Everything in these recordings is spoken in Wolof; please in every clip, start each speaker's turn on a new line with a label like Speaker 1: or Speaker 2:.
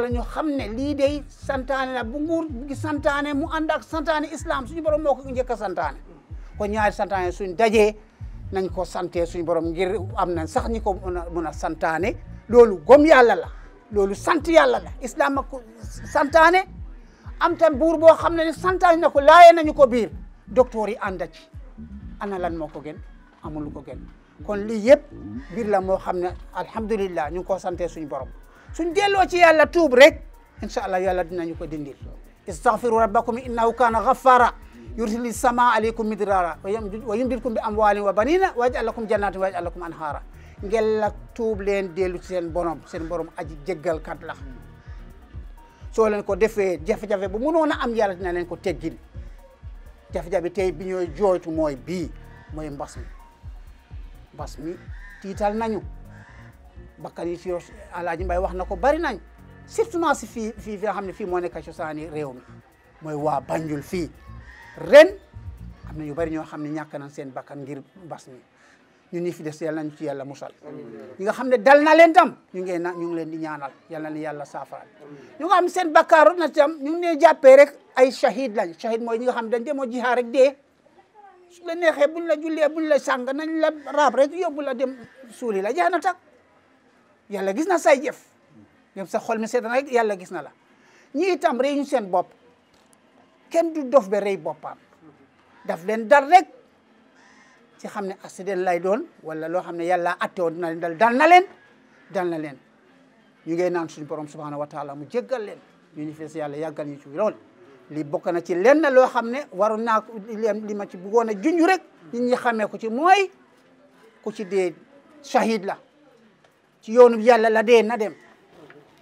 Speaker 1: la ñu xam ne lii day santaane la bu nguur gi santaane mu ànd ak santaane islam suñu borom moo ko njëkk a santaane kon ñaari santaane suñ dajee nañ ko sante suñu borom ngir am na sax ñi ko mën a mën santaane loolu gom yàlla la loolu sant yàlla la islam ak santaane am tam buur boo xam ne santaane na ko laayee nañu ko biir docteur yi ànda ci ana lan moo ko gën amul ko gën kon lii yëpp biir la moo xam ne alhamdulillah ñu ko santee suñu borom suñ delloo ci yàlla tuub rek incha allah yàlla dinañu ko dindil istaghfiru rabbakum innahu kana ghaffara yursili sama aleykum midrara wa yumdidkum bi amwalin wa banina wa yaj'al lakum jannatin wa yaj'al lakum anhara ngella tuub leen dellu ci seen borom seen borom aji jéggal kat la soo leen ko defe jafe-jafe bu mënoon a am yàlla dina leen ko teggil jafe-jafe tey bi ñooy jooytu mooy bii mooy mbas mi mbas mi tiital bakkan yi fi yor Alaaji Mbay wax na ko bari nañ surtout na si fii fii fi xam ne fii moo nekk cosaani réew mi mooy waa Banjul fii ren am na yu bari ñoo xam ne ñàkk nañ seen bakkan ngir mbas mi ñun ñi fi des yal nañ ci yàlla musal ñi nga xam ne dal na leen tam ñu ngi na ñu ngi leen di ñaanal yal na yàlla saafaraal ñu nga xam seen bakkaar na tam ñu ngi leen jàppee rek ay shahid lañ shahid mooy ñi nga xam dañ demoo jihaar rek dee su la neexee buñ la jullee buñ la sàng nañ la raab rek yóbbu a dem suuli la jaana tak yàlla gis na say jëf dem sa xol mi seetaan rek yàlla gis na la ñi itam rëy ñu seen bopp kenn du dof ba rëy boppam daf leen dal rek ci xam ne accident lay doon wala loo xam ne yàlla atte woon dina dal dal na leen dal na leen ñu ngay naan suñu borom subhanahu wa taala mu jéggal leen ñu ni fees yàlla yàggal ñu ci lool li bokk na ci lenn loo xam ne waru naa li ma ci bëggoon a junj rek nit ñi xamee ko ci mooy ku ci dee shahid la ci yoonu yàlla la dee na dem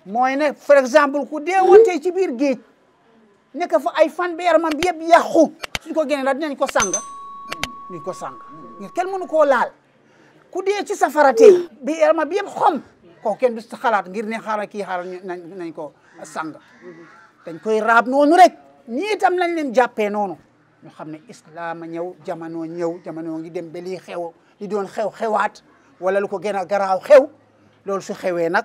Speaker 1: mooy ne par exemple ku dee woon tey ci biir géej nekk fu ay fan ba yaramam bi yëpp yàqu suñ ko génne la dinañ ko sàng dinañ ko sàng ngir kenn mënu ko laal ku dee ci safara bi yaramam bi yëpp xom kenn du xalaat ngir ne xaaral kii xaaral nañ ko sàng dañ koy raab noonu rek ñii itam lañ leen jàppee noonu ñu xam ne islam a ñëw jamono ñëw jamono ngi dem ba li xew li doon xew xewaat wala lu ko gën a garaw xew loolu su xewee nag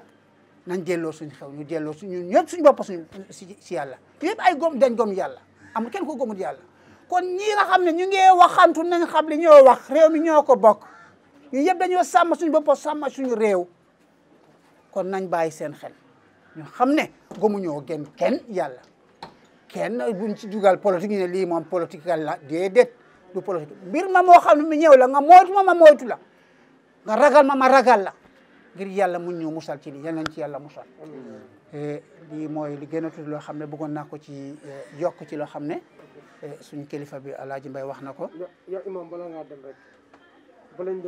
Speaker 1: nañ delloo suñ xew ñu delloo suñ ñun ñëpp suñ bopp suñ si si yàlla ñëpp ay gom dañ gom yàlla amul kenn ko gomut yàlla kon ñii nga xam ne ñu ngi waxantu nañ xam li ñoo wax réew mi ñoo ko bokk yëpp dañoo sàmm suñ bopp sàmm suñu réew kon nañ bàyyi seen xel xam ne gomuñoo gën kenn yàlla kenn buñ ci dugal politique lii moom politique la déedéet du politique mbir ma moo xam ne mu ñëw la nga moytu ma moytu la nga ragal ma ma ragal la ngir yàlla mun ñu musal ci lii yal nañ ci yàlla musal eh, lii mooy li gën a tudd loo xam ne bëggoon naa ko ci eh, yokk ci loo xam ne eh, suñu kilifa bi Alaaji Mbay wax na ko
Speaker 2: yaa imam bala ngaa dem rek balañ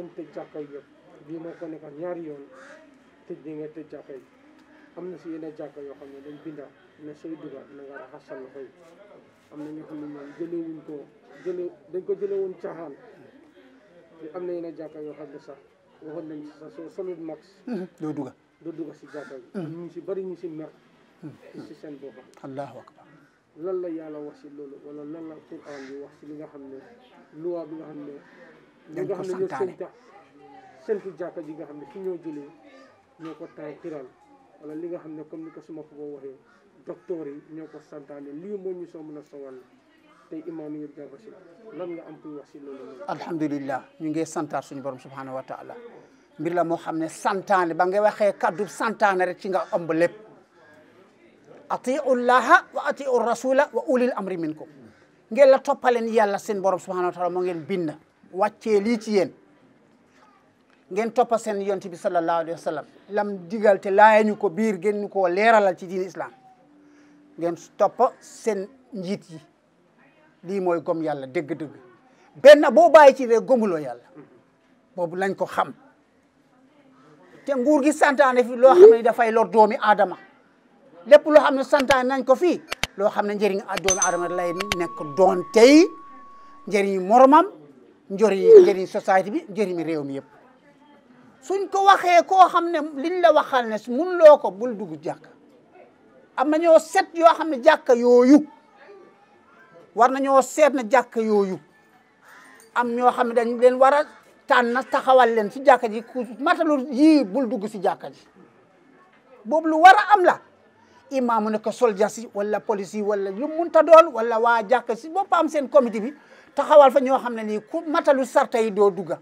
Speaker 2: ñaari yoon tëj di nga tëj jàkka yi am na si yenn jàkka yoo xam ne dañ binda ne sooy dugg na nga raxas sa loxo am na ñoo xam ne ñoom jëlewuñ ko jële dañ ko am na yenn jàkka yoo xam ne sax waxoon nañ sa sax soo solul max. Hmm, doo dugg doo dugg si jàkkaay. ñu si bëri ñu si mer. si hmm. seen boppam. allahu akbar. lan la yàlla wax si loolu wala lan la Quran bi wax si li nga xam ne loi bi nga xam ne. dañ ko santaane nga seen tax jàkka ji nga xam ne fi ñoo jëlee ñoo ko taay xiral li nga xam ne comme ni ko suma ko waxee docteur yi ñoo ko santaane lii moo ñu soo mën a sowal. tey imaam yi lan
Speaker 1: ñu ngi santaar suñu borom subhanahu wa taala la moo xam ne santaane ba nga waxee kaddu santaane rek ci nga ëmb lépp. atiu llaha wa atiu rasula wa ulil amri minkum ngeen la toppaleen yàlla seen borom subhanahu wa taala moo ngeen bind wàccee lii ci yéen ngeen seen yonti bi sallallahu alayhi wa sallam lam digal te laaya ñu ko biir ngeen ñu koo leeralal ci diin islam ngeen toppa seen njiit yi li moy gom yalla deug deug ben bo baye ci rek gomulo yalla bobu lañ ko xam te nguur gi santane fi lo xamne da fay lor doomi adama lepp santa xamne santane nañ ko fi lo xamne ne njëriñ doomi adama lay nek don tay njëriñ moromam njori njëriñ society bi njëriñ réew mi yeb suñ ko waxe ko xamne liñ la waxal ne mun loko bul dugg jakk amna ñoo set yo xamne jakk yoyu war nañoo seet na jàkk yooyu am ñoo xam ne dañ leen war a tànn taxawal leen si jàkka ji ku matalul yii bul dugg si jàkka ji boobu lu war a am la imaamu ne ko soldat si wala police yi wala lu munta doon wala waa jàkka si boppa am seen comité bi taxawal fa ñoo xam ne nii ku matalu sarta yi doo dugga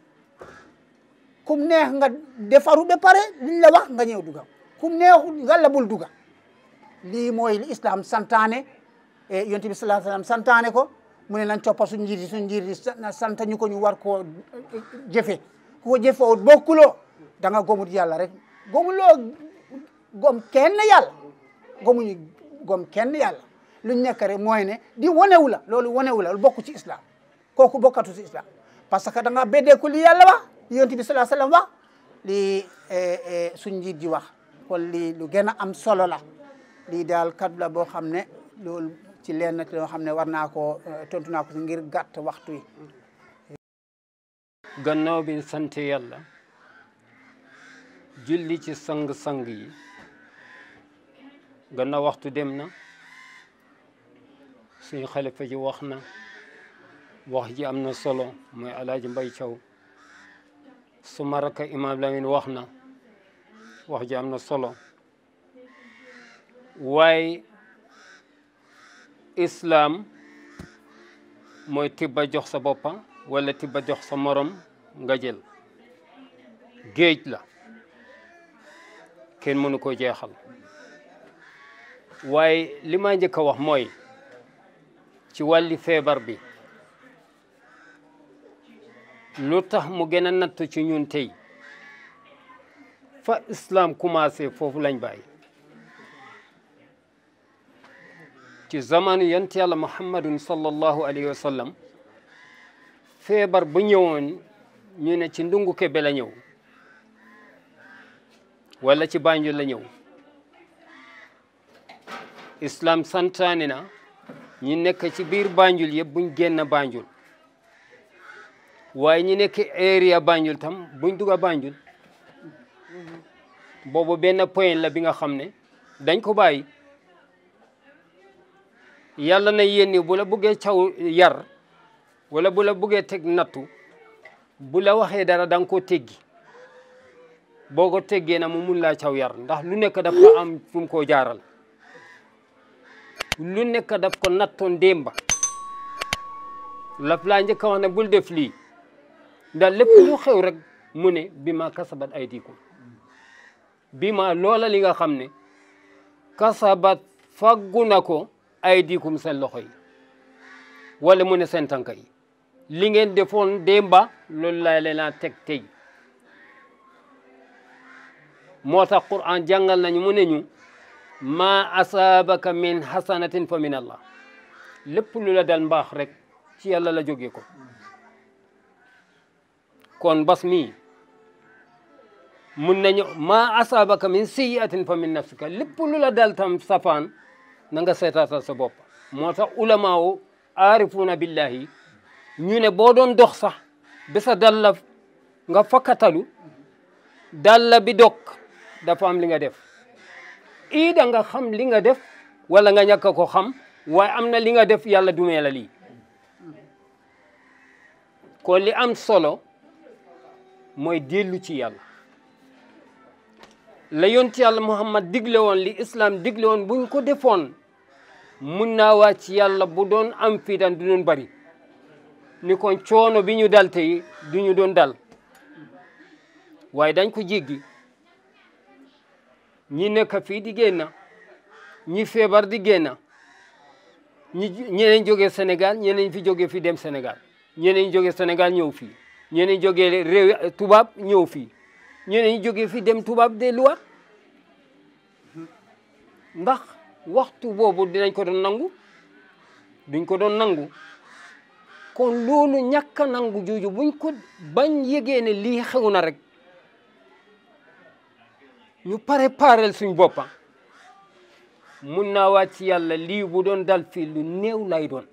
Speaker 1: kum neex nga defaru ba pare liñ la nga ñëw dugga kum neexu nga la bul dugga lii mooy islam santaane e yonent bi sallallahu alayhi wa sallam ko mu ne nañ coppa suñ njiit yi suñ njiit ñu ko ñu war koo eh, jëfe ku ko jëfewut bokkuloo da nga gomut yàlla rek gomuloo gom kenn yàlla gomuñu gom kenn yàlla luñ nekk rek mooy ne di wanewu la loolu wanewu la bokku ci islam kooku bokkatu ci islam parce que da nga beddeeku li yàlla wax li yonent bi sallallahu alayhi li eh, suñ njiit ji wax kon lii lu gën a am solo la lii daal kaddu la boo xam ne loolu ci leen nag loo xam ne war naa koo euh, tontu naa ko si ngir gàtt waxtu yi
Speaker 2: gannaaw bi sant yàlla julli ci sang-sang yi ganna waxtu dem na suñu xalifa ji wax na wax ji am na solo mooy alaaji mbay caw su ma rakk imaam lamin wax na wax ji am na solo waaye islaam mooy tibba jox sa boppa wala tibba jox sa morom nga jël géej la kenn mënu ko jeexal waaye li ma njëkk a wax mooy ci wàlli feebar bi lu tax mu gën a nattu ci ñun tey fa islam commencé foofu lañ bàyyi ci zamanu yant yàlla muhammadun sallallahu alayhi wa feebar bu ñëwoon ñu ne ci ndungu kebe la ñëw wala ci Banjul la ñëw islam santaane na ñi nekk ci biir Banjul yëpp buñ génn Banjul waaye ñi nekk area Banjul tam buñ dugg a Banjul boobu benn point la bi nga xam ne dañ ko bàyyi yàlla na yéen bula bu la buggee caw yar wala bula buggee teg nattu bu la waxee dara da nga ko teggi boo ko teggee na mu mun laa caw yar ndax lu nekk daf ko am fu mu koo jaaral lu nekk daf ko nattoon démba laf laa njëkk a bul def lii ndax lépp lu xew rek mu ne bi ma kasabat aydikum bi ma loola li nga xam ne kasabat faggu na ko ay diikum seen loxo yi wala mu ne seen tànk yi li ngeen defoon démba loolu laa leen a teg tey moo tax Qur'an jàngal nañu mu ne ñu ma asaabaka min hasanatin fa min allah lépp lu la dal mbaax rek ci yàlla la jógee ko kon bas mii mun nañu ma asaabaka min sayyi'atin fa min nafsika lépp lu la dal tam safaan na nga seetaatal sa bopp moo tax ulamaawu aarifuuna billahi ñu ne boo doon dox sax ba sa dalla nga fakkatalu dalla bi dog dafa am li nga def ii da nga xam li nga def wala nga ñàkk ko xam waaye am na li nga def yàlla dumee la lii ko li am solo mooy dellu ci yàlla la yonti yàlla muhammad digle woon li islam digle woon buñ ko defoon mun naa ci yàlla bu doon am fii dan du doon bari ni kon coono bi ñu dal tey du ñu doon dal waaye dañ ko jéggi ñi nekk fii di génn ñi feebar di génn ñi ñeneen jógee Sénégal ñeneen fi joge fi dem senegal ñeneen jógee senegal ñëw fii ñeneen joge réew tubaab ñëw fii ñeneen jógee fi dem tubaab delluwaat ndax waxtu boobu dinañ ko doon nangu duñ ko doon nangu kon loolu ñàkk nangu jooju buñ ko bañ yëgee ne lii xew na rek ñu pare parel suñ boppa mun na wàcc ci yàlla lii bu doon dal fii lu néew lay doon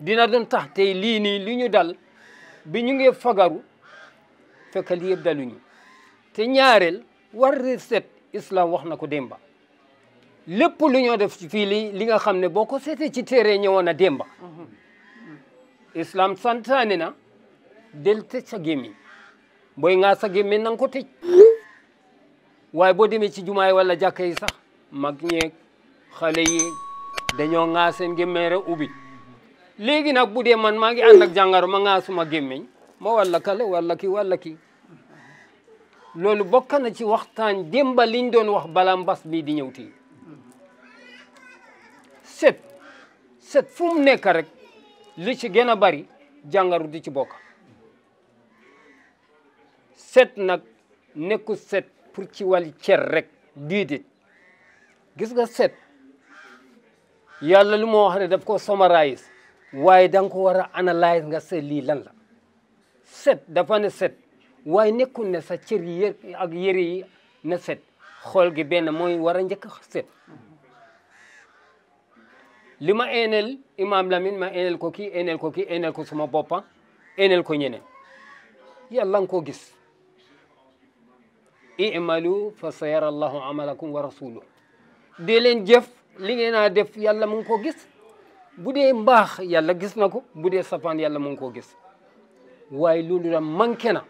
Speaker 2: dina doon tax tey lii nii li ñu dal bi ñu ngi fagaru fekk lii yëpp daluñu te ñaareel war reset islam wax na ko démba lépp lu ñoo def ci fii li li nga xam ne boo ko seetee ci téere ñëwoon a démba mm-hmm. islam santaane na del tëj sa gémmiñ booy ngaa sa gémmiñ nanga ko tëj waaye boo demee ci jumaay walla jàkka yi sax mag ñeeg xale yi dañoo ŋaa seen gémmiñ rek ubbi léegi nag bu dee man maa ngi ànd ak jàngaro ma ŋaa suma gémmiñ ma walla kale walla ki walla ki loolu bokk na ci waxtaan demba liñ doon wax bala mbas mi di ñëw tii set set fu mu nekk rek li ci gën a bari jàngaru di ci bokk set nag nekkul set pour ci wàllu cer rek diidit gis nga set yàlla lu ma wax ne daf ko summarize waaye da ko war a analyse nga set lii lan la set dafa ne set waaye nekkul ne sa cër yi yi na set xool gi benn mooy war a njëkk set li ma eenel lamin Lamine ma eenel ko ki eenel ko kii eenel ko suma boppa eenel ko ñeneen yàlla ko gis i'malu fa sayara allahu amalakum wa rasuluh dee leen jëf li ngeen a def yàlla mu ngi ko gis bu dee mbaax yàlla gis na ko bu dee safaan yàlla mu ngi ko gis waaye loolu da manqué na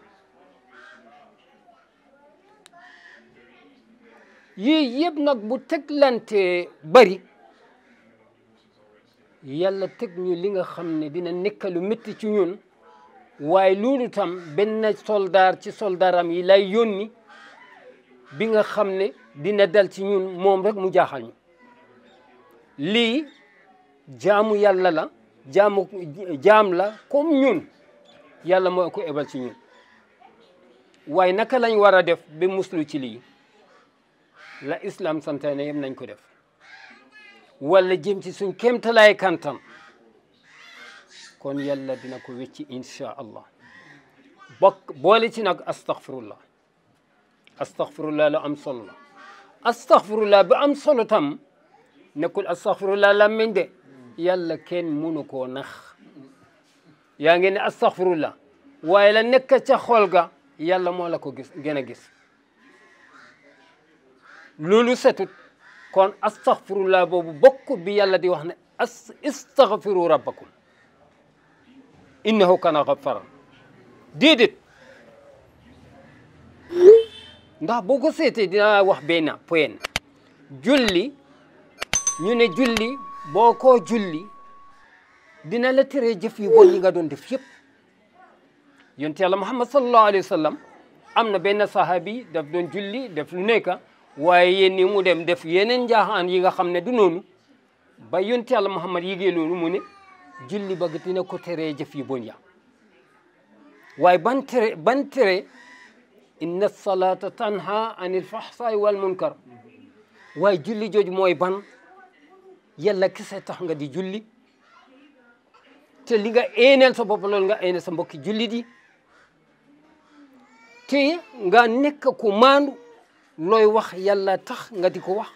Speaker 2: yii yëpp nag bu teglante bari yàlla teg ñu li nga xam ne dina nekk lu métti ci ñun waaye loolu tam benn soldaar ci soldaram yi lay yónni bi nga xam ne dina dal ci ñun moom rek mu jaaxal ñu lii jaamu yàlla la jaamu jaam la kom ñun yàlla moo ko ebal ci ñun waaye naka lañ war a def ba muslu ci lii la islam santaane yem nañ ko def walla jëm ci suñ kéemtalaay kantam kon yàlla dina ko wecci incha allah bokk boole ci nag astaghfirullah astaghfirullah la am solo la astaghfirullah ba am solo tam nekkul astaghfirullah làmmiñ de yàlla kenn munu ko nax yaa ngi ne astaghfirullah waaye la nekk ca xol ga yàlla moo la ko gis gën a gis loolu setut kon astaghfirullah boobu bokkut bi yàlla di wax na as istaghfiru rabbakum innahu kana ghaffara déedéet ndax boo ko seetee dinaa wax benn point julli ñu ne julli boo ko julli dina la tere jëf yu yi nga doon def yëpp yonte yàlla muhammad sallallahu alayhi wa sallam am na benn sahabi daf julli def waaye yéen mu dem def yeneen njaaxaan yi nga xam ne du noonu ba yonte yàlla Muhammad yigee loolu mu ne julli ba dina ko teree jëf yi bon ya waaye ban tere ban tere inna salata tanha anil fahsaay wal munkar waaye julli jooju mooy ban yàlla kese tax nga di julli te li nga eeneel sa bopp loolu nga eeneel sa mbokki julli di te nga nekk ku maandu looy wax yàlla tax nga di ko wax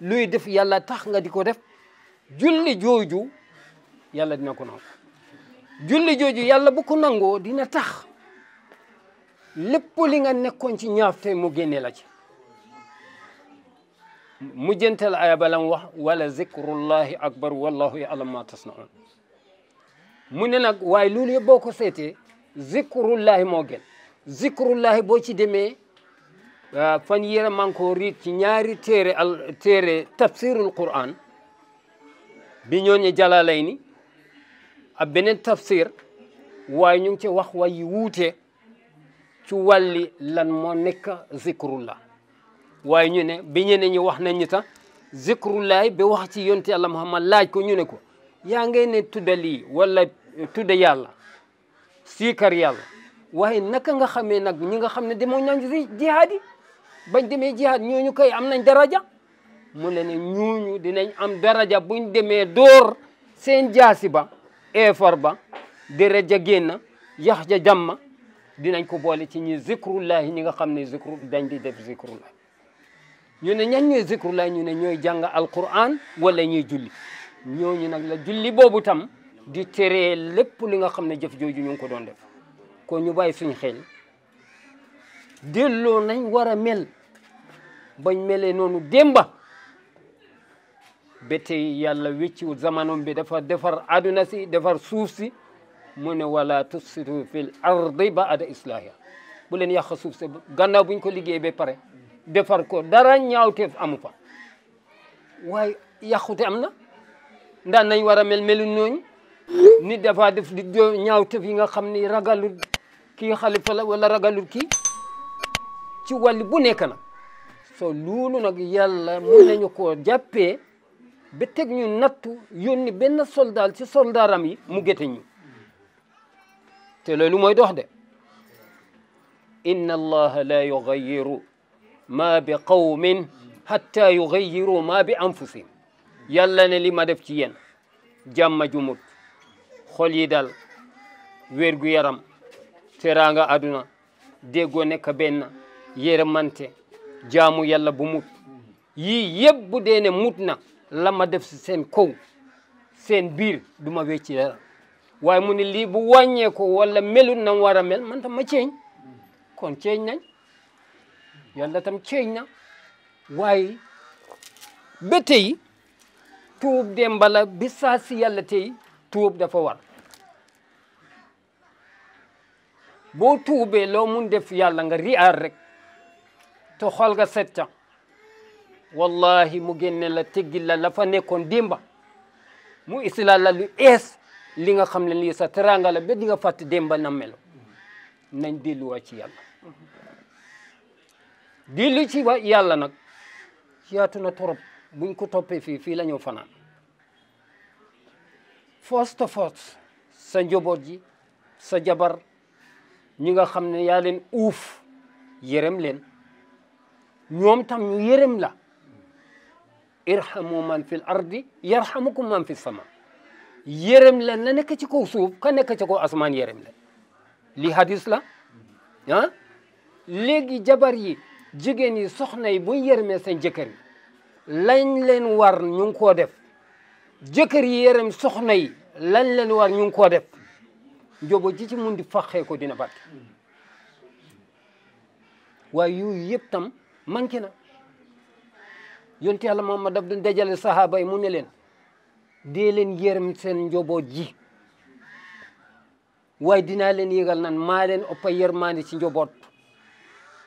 Speaker 2: looy def yàlla tax nga di ko def julli jooju yàlla dina ko nangu julli jooju yàlla bu ko nangoo dina tax lépp li nga nekkoon ci ñaafte mu génne la ci mujjantal aya balam wax wala zikrullahi akbar wallahu ya'lam ma tasnaun mu ne nag waaye loolu yëpp boo ko seetee zikrullahi moo gën zikrullahi boo ci demee Ah, fan yéen a man koo riit ci ñaari téere al téere tafsirul Qur'an bi ñooñu Jalaalayni ak beneen tafsir waaye ñu ngi ci wax way yi wuute ci wàlli lan moo nekk zikrullah waaye ñu ne bi ñeneen ñi wax nañ ñu sax zikrullahi be wax ci yonte yàlla Muhammad laaj ko ñu ne ko yaa ngay ne tudda wala tudda yàlla siikar yàlla waaye naka nga xamee nag ñi nga xam ne demoo ñaan jihaad yi bañ demee jihaad ñooñu kay am nañ daraja mu ne ne ñooñu dinañ am daraja buñ demee door seen jaasi ba effort ba deret ja génn yax ja jàmm dinañ ko boole ci ñi zikrullahi ñi nga xam ne zikru dañ di def zikrullahi ñu ne ñan ñooy zikrullahi ñu ne ñooy jàng alquran wala ñuy julli ñooñu nag la julli boobu tam di teree lépp li nga xam ne jëf jooju ñu ngi ko doon def ko ñu bàyyi suñ xel delloo nañ war a mel bañ melee noonu démba bete tey yàlla wécciwul zamanom bi dafa defar aduna si defar suuf si mu ne wala tufsidu fil ardi ba ada islahiya bu leen yàq suuf si gannaaw buñ ko liggéey be pare defar ko dara ñaawteef amu fa waaye yàqute am na ndaan nañ war a mel melu nooñu ni dafa def di ñaawteef yi nga xam ni ragalul kii xalifa la wala ragalul kii ci wàllu bu nekk nag so loolu nag yàlla mun nañu koo jàppee ba teg ñu nattu yónni benn soldaal ci soldaaram yi mu gete ñu te loolu mooy dox de inna allaha la yugayiru ma bi qawmin hatta yugayiru ma bi anfusihim yàlla ne li ma def ci yéen jàmm ju mut yi dal wér yaram teraanga aduna déggoo nekk benn yërëmante jaamu yalla bu mut yi yeb bu dee ne mut la ma def si seen kaw seen biir du wecci dara waaye mu ni li bu ko wala melu nam wara mel man tam ma cieñ kon cieñ nañ yalla tam cieñ na waaye betey tey tuub de mbala bi saa si yàlla tey tuub dafa war bo tuubee lo mun def yalla nga riar rek te xool nga setta ca wallahi mu génne la teggil la la fa nekkoon démba mu islal la lu ees li nga xam ne lii sa teranga la ba di nga fàtte démba na melo nañ delluwaa ci yàlla dellu ci wa yàlla nag yaatu na torop buñ ko toppee fii fii la ñoo fanaan first of all sa njaboot ji sa jabar ñi nga xam ne yaa leen uuf yërëm leen ñoom tam ñu yërëm la irhamu man fil ardi yarhamukum man fi sama yërëm la la nekk ci kaw suuf ka nekk ci kaw asmaan yërëm la li hadis la ah léegi jabar yi jigéen yi soxna yi buñ yërëmee seen jëkkër yi lañ leen war ñu ngi koo def jëkkër yi yërëm soxna yi lañ leen war ñu ngi koo def njobo ji ci mun di faxee ko dina barke waaye yooyu yëpp tam manqué na yonti yàlla moom ma daf du dajale sahaaba yi mu ne leen dee leen yërëm seen njoboot ji waaye dinaa leen yëgal nan maa leen ëpp yërmande ci njoboot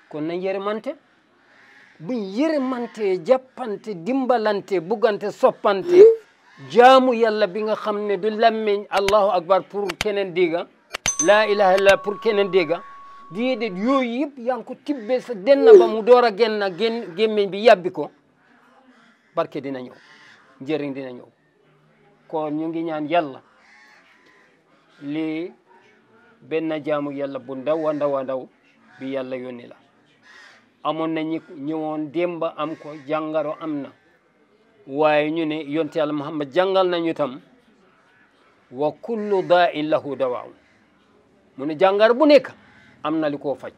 Speaker 2: kon mante yërëmante buñ mante jàppante dimbalante buggante soppante jaamu yàlla bi nga xam ne du lammeñ allahu akbar pour kenen dégga laa ilaha illallah pour keneen dégga di yooyu yëpp yaa ngi ko tibbee sa denn ba mu door a génn bi yàbbi ko barke dina ñëw njëriñ dina ñëw kon ñu ngi ñaan yàlla lii benn jaamu yàlla bu ndaw a ndaw a ndaw bi yàlla yónni la amoon na ñi ñëwoon démba am ko jàngaro am na waaye ñu ne yonte yàlla Muhammad jàngal nañu tam wa kullu daa in lahu dawaaw mu ne jàngar bu nekk am na li koo faj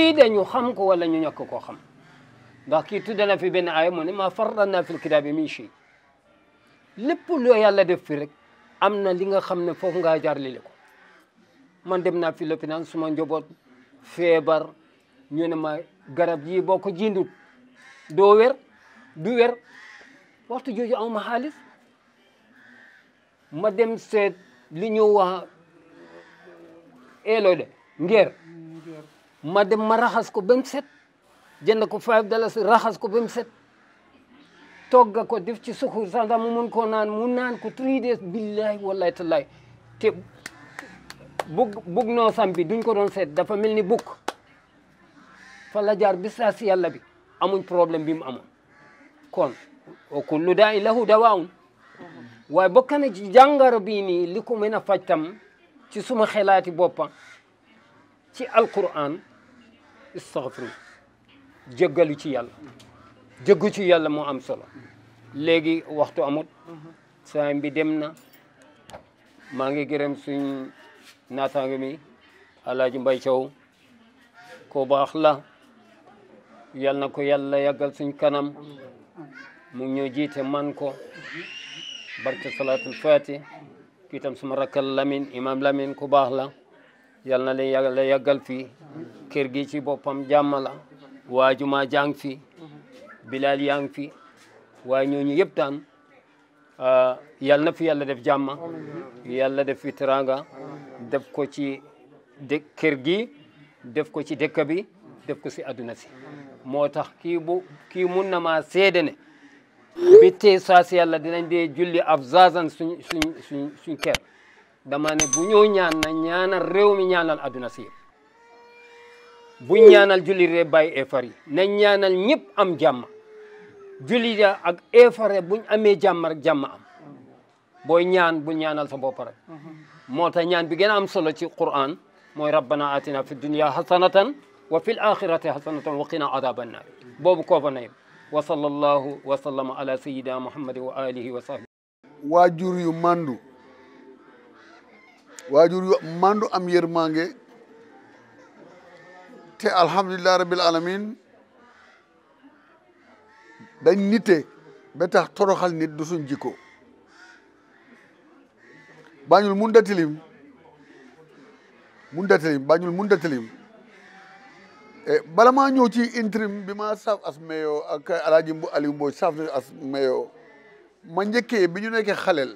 Speaker 2: iide ñu xam ko wala ñu ñàkk koo xam ndax kii tudde na fi benn aaya mu ne ma farranna fil kitaabi min shay lépp loo yàlla def fi rek am na li nga xam ne foofu ngaa jaar li ko man dem naa fi lopitaan suma njaboot feebar ñu ne ma garab yi boo ko jindut doo wér du wér waxtu jooju amuma xaalis ma dem seet li ñu wax eh de ngeer ma dem ma raxas ko ba mu jënd ko five dollars raxas ko ba mu set togga ko def ci sukur sanda mu mun koo naan mu naan ko three days billahi wallahi tallahi te bug bug noo sam bi duñ ko doon seet dafa mel ni bukk fa la jaar bi saa si yàlla bi amuñ problème bi mu amoon kon o kullu daa i lahu dawaawun waaye bokk na ci jàngaro bii nii li ko mën a ci suma xelaati boppa ci alquran istaghfiru jëggalu ci yàlla jëggu ci yàlla mu am solo léegi waxtu amut saa bi dem na maa ngi gërëm suñ naataango mi alaaji mbay ko baax la yal na ko yàlla yàggal suñ kanam mu ñoo jiite man ko barke salaatul faati kii itam suma rakkal Lamine imam Lamine ku baax la yal na la yàggal fii kër gi ci boppam jàmm la waajuma jàng fi bilaal yaa fi waaye ñooñu yëpp taan ah, yal fi yàlla def jàmm yàlla def fi teraanga def ko ci dë gi def ko ci dëkk bi def ko si adduna si moo tax seede ne bi tey saa si yàlla dinañ dee julli ab zazan suñ suñ suñ suñ kër bu ñoo ñaan na ñaanal réew mi ñaanal adduna si bu ñaanal julli rek bàyyi effar ñaanal ñëpp am jàmm julli da ak effar buñ amee jàmm rek jàmm am booy ñaan bu ñaanal sa bopp rek moo tax ñaan bi gën am solo ci Qur'an mooy rabbana atina fi dunya hasanatan wa fil akhirati hasanatan wa qina adhaban nar boobu koo ba wa sallallahu wa sallama ala sayyidina
Speaker 3: muhammad wa alihi wa sahbi waajur yu màndu waajur yu màndu am yërmande te alhamdulilah rabbil alamin dañ nite ba tax toroxal nit du suñ jikko bañul mun datilim mun datilim bañul mun datilim Eh, bala maa ñëw ci interim bi maa saf as meyo ak alaaji mbu Aliou Mbodj saf meyo ma njëkkee bi ñu nekkee xaleel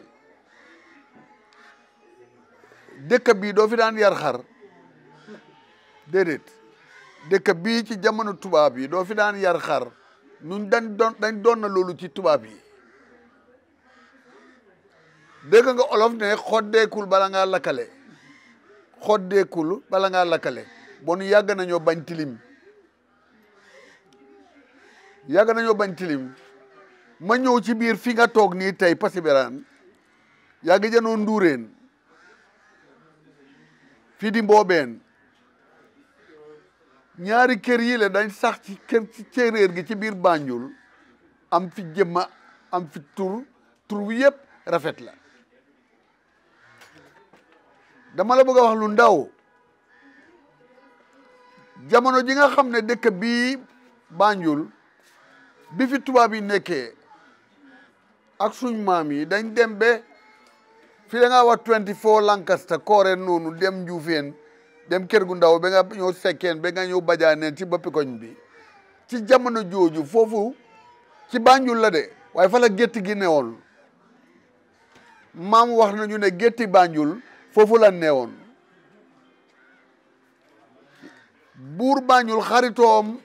Speaker 3: dëkk bi doo fi daan yar xar déedéet dëkk bi ci jamono tubaab yi doo fi daan yar xar ñun dañ doon na loolu ci tubaab yi dégg nga olof ne xoddeekul bala ngaa lakkale xoddeekul bala ngaa lakkale bon yàgg nañoo bañ tilim yàgg nañoo bañ tilim ma ñëw ci biir fi nga toog nii tey Pasiberan yaa ngi jënoo nduureen fii di mboobeen ñaari kër yi la dañ sax ci kër ci céeréer gi ci biir Banjul am fi jëmma am fi tur tur wi yëpp rafet la dama la bëgg a wax lu ndaw jamono ji nga xam ne dëkk bii Banjul bi fi tubaab yi nekkee ak suñ maam yi dañ dem be fi da ngaa wax 24 Lancaster koore noonu dem Njuufeen dem kër gu ndaw ba nga ñëw sekkeen ba nga ñëw bajaane ci boppi koñ bi ci jamono jooju foofu ci Banjul la de waaye fa la gétti gi newoon maam wax nañu ne gétti Banjul foofu la newoon buur Banjul xaritoom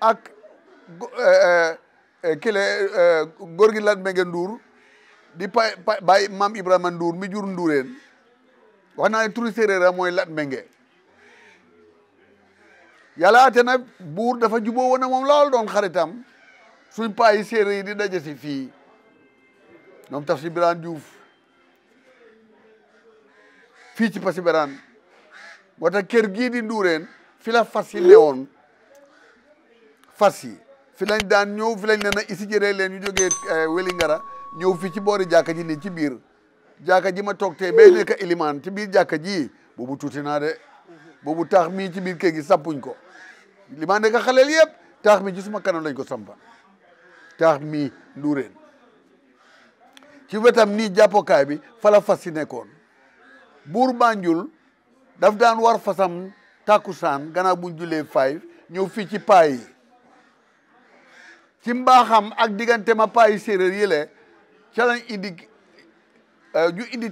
Speaker 3: ak eh, eh, eh, kile góor gi Lat Mbengue di pa mam maam Ibrahima Ndour mi jur Ndoureen wax naa ne turu séeréer mooy Lat Mbengue yàlla ate nag buur dafa juboo woon na moom lool doon xaritam suñ paa yi yi di daje si fii ñoom taf si Biraan fii ci Passy Biraan moo tax kër gii di Ndoureen fi la fas yi newoon yi fi lañ daan ñëw fi lañ ne na isi jëree leen ñu jógee eh, Welingara ñëw fii ci boori jàkka ji nii ci biir jàkka ji ma toog tey bay nekk ilimaan ci biir jàkka ji boobu tuuti naa de boobu taax mii ci biir kër gi sappuñ ko li maa nekk xaleel yëpp taax mi ci suma kanam lañ ko sampa taax mii nduureen ci wetam ni jàppokaay bi fala fas si nekkoon buur Banjul daf daan war fasam tàkkusaan gannaaw buñ julee five ñëw fii ci paa yi ci mbaaxam ak diggante ma paa yi séeréer yi le ca lañ indi euh, ñu indi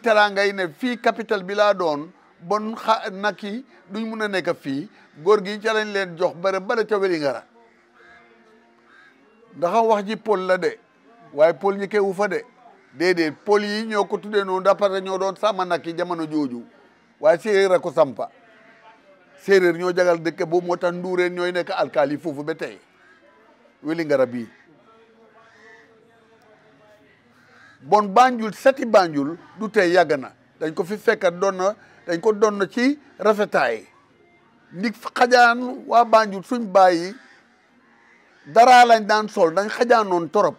Speaker 3: ne fii capital bi laa doon bon xa nag yi duñ mun a nekk fii góor gi ca leen jox bare bare ca Welingara ndaxa wax ji pôl la de waaye pôl ñi kewu fa de déedéet pôl yi ñoo ko tuddee noonu d'après ñoo doon sàmm nag yi jamono jooju waaye séeréer a ko sampa séeréer ñoo jagal dëkk boobu moo tax nduureen ñooy nekk alkaali foofu ba tey weli ngarab yi bon Banjul seti Banjul du tey yàgg na dañ ko fi fekka doon na dañ ko doon na ci rafetaay ndig xajaan waa Banjul suñ bàyyi dara lañ daan sol dañ xajaanoon torop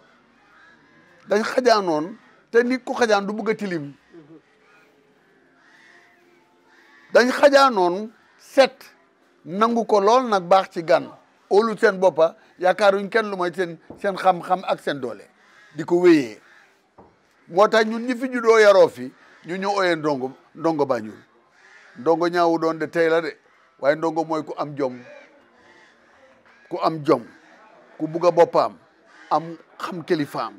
Speaker 3: dañ xajaanoon te nit ku xajaan du bëgg a tilim dañ xajaanoon set nangu ko lool nag baax ci gan olu seen boppa yaakaaruñ kenn lu mooy seen seen xam-xam ak seen doole di ko wéyee moo tax ñun ñi fi juddoo yaroo fi ñu ñu ooyee ndongo ndongo Banjul ndongo ñaawu doon de tey la de waaye ndongo mooy ku am jom ku am jom ku bugg a boppam am xam kilifam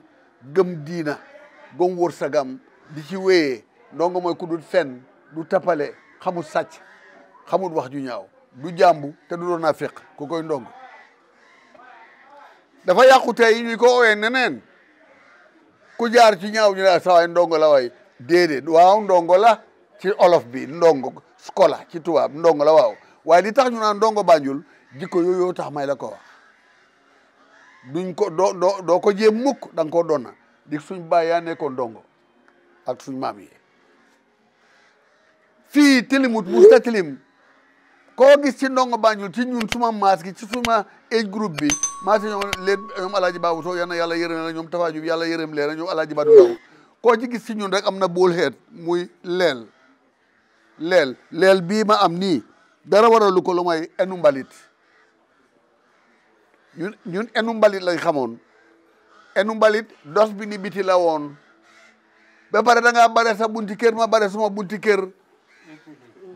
Speaker 3: gëm diina gëm wërsagam di ci wéyee ndongo mooy ku dul fen du tapale xamul sàcc xamul wax ju ñaaw du jàmbu te du doon naa féq ku koy ndong dafa yàqu tey ñu ko owee neneen ku jaar ci ñaaw ñu ne ah, sawaay ndongo la waay déedéet waaw ndongo la ci olof bi ndongo skola ci tubaab ndongo la waaw waaye li tax ñu naan ndongo Banjul jikko yooyu tax may la ko wax duñ ko do doo doo ko jéem mukk da ko koo doon na di suñ baay yaa nekkoon ndongo ak suñ maam yi fii tilimut musta tilim koo gis ci ndongo Banjul ci ñun suma maas gi ci suma age group bi ma yi ñoom leen ñoom alaaji baabu soo yal na yàlla yërëm la ñoom tafaajub yàlla yërëm leen ñoom alaaji badu daw koo ci gis ci ñun rek am na bool xeet muy leel leel leel bii ma am nii dara waralu ko lu may enu mbalit ñun ñun enu mbalit lañ xamoon enu mbalit dos bi ni biti la woon ba pare da ngaa bare sa bunti kër ma bare suma bunti kër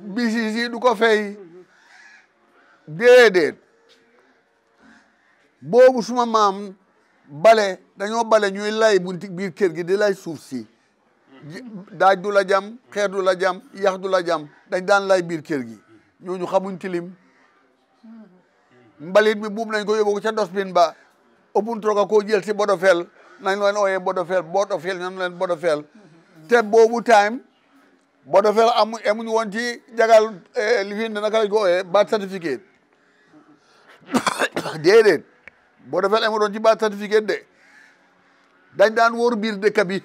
Speaker 3: bi déedéet boobu suma maam bale dañoo bale ñuy lay bunti biir kër gi di lay suuf si daaj du la jam xeer du la jam yax du la jam dañ daan lay biir kër gi ñooñu xamuñ tilim mbalit mi buub nañ ko yóbbu ko ca dosbin ba ëppun troga ko jël si bodofel nañ leen ooyee bodofel bodofel ñoom leen bodofel te boobu time bodofel amu amuñu woon ci jagal eh, li fi naka lañ ko ooyee bat certificate déedéet boo defee am doon ci baat certificat de dañ daan wóor biir dëkk bi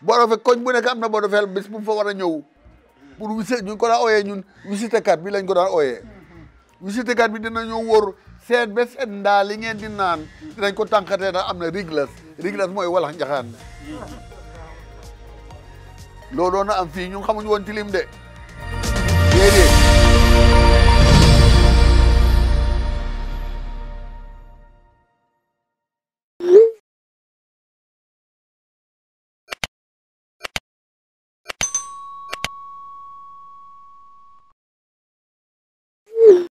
Speaker 3: boo defee koñ bu nekk am na boo defee bis bu fa war a ñëw pour visite ñu ko daan ooyee ñun visitekat bi lañ ko daan ooyee visitekat bi dina ñëw woor seet ba seet ndaa li ngeen di naan dinañ ko tànkatee ndax am na riglas riglas mooy walla njaxaan loolu doon na am fii ñun xamuñ woon tilim de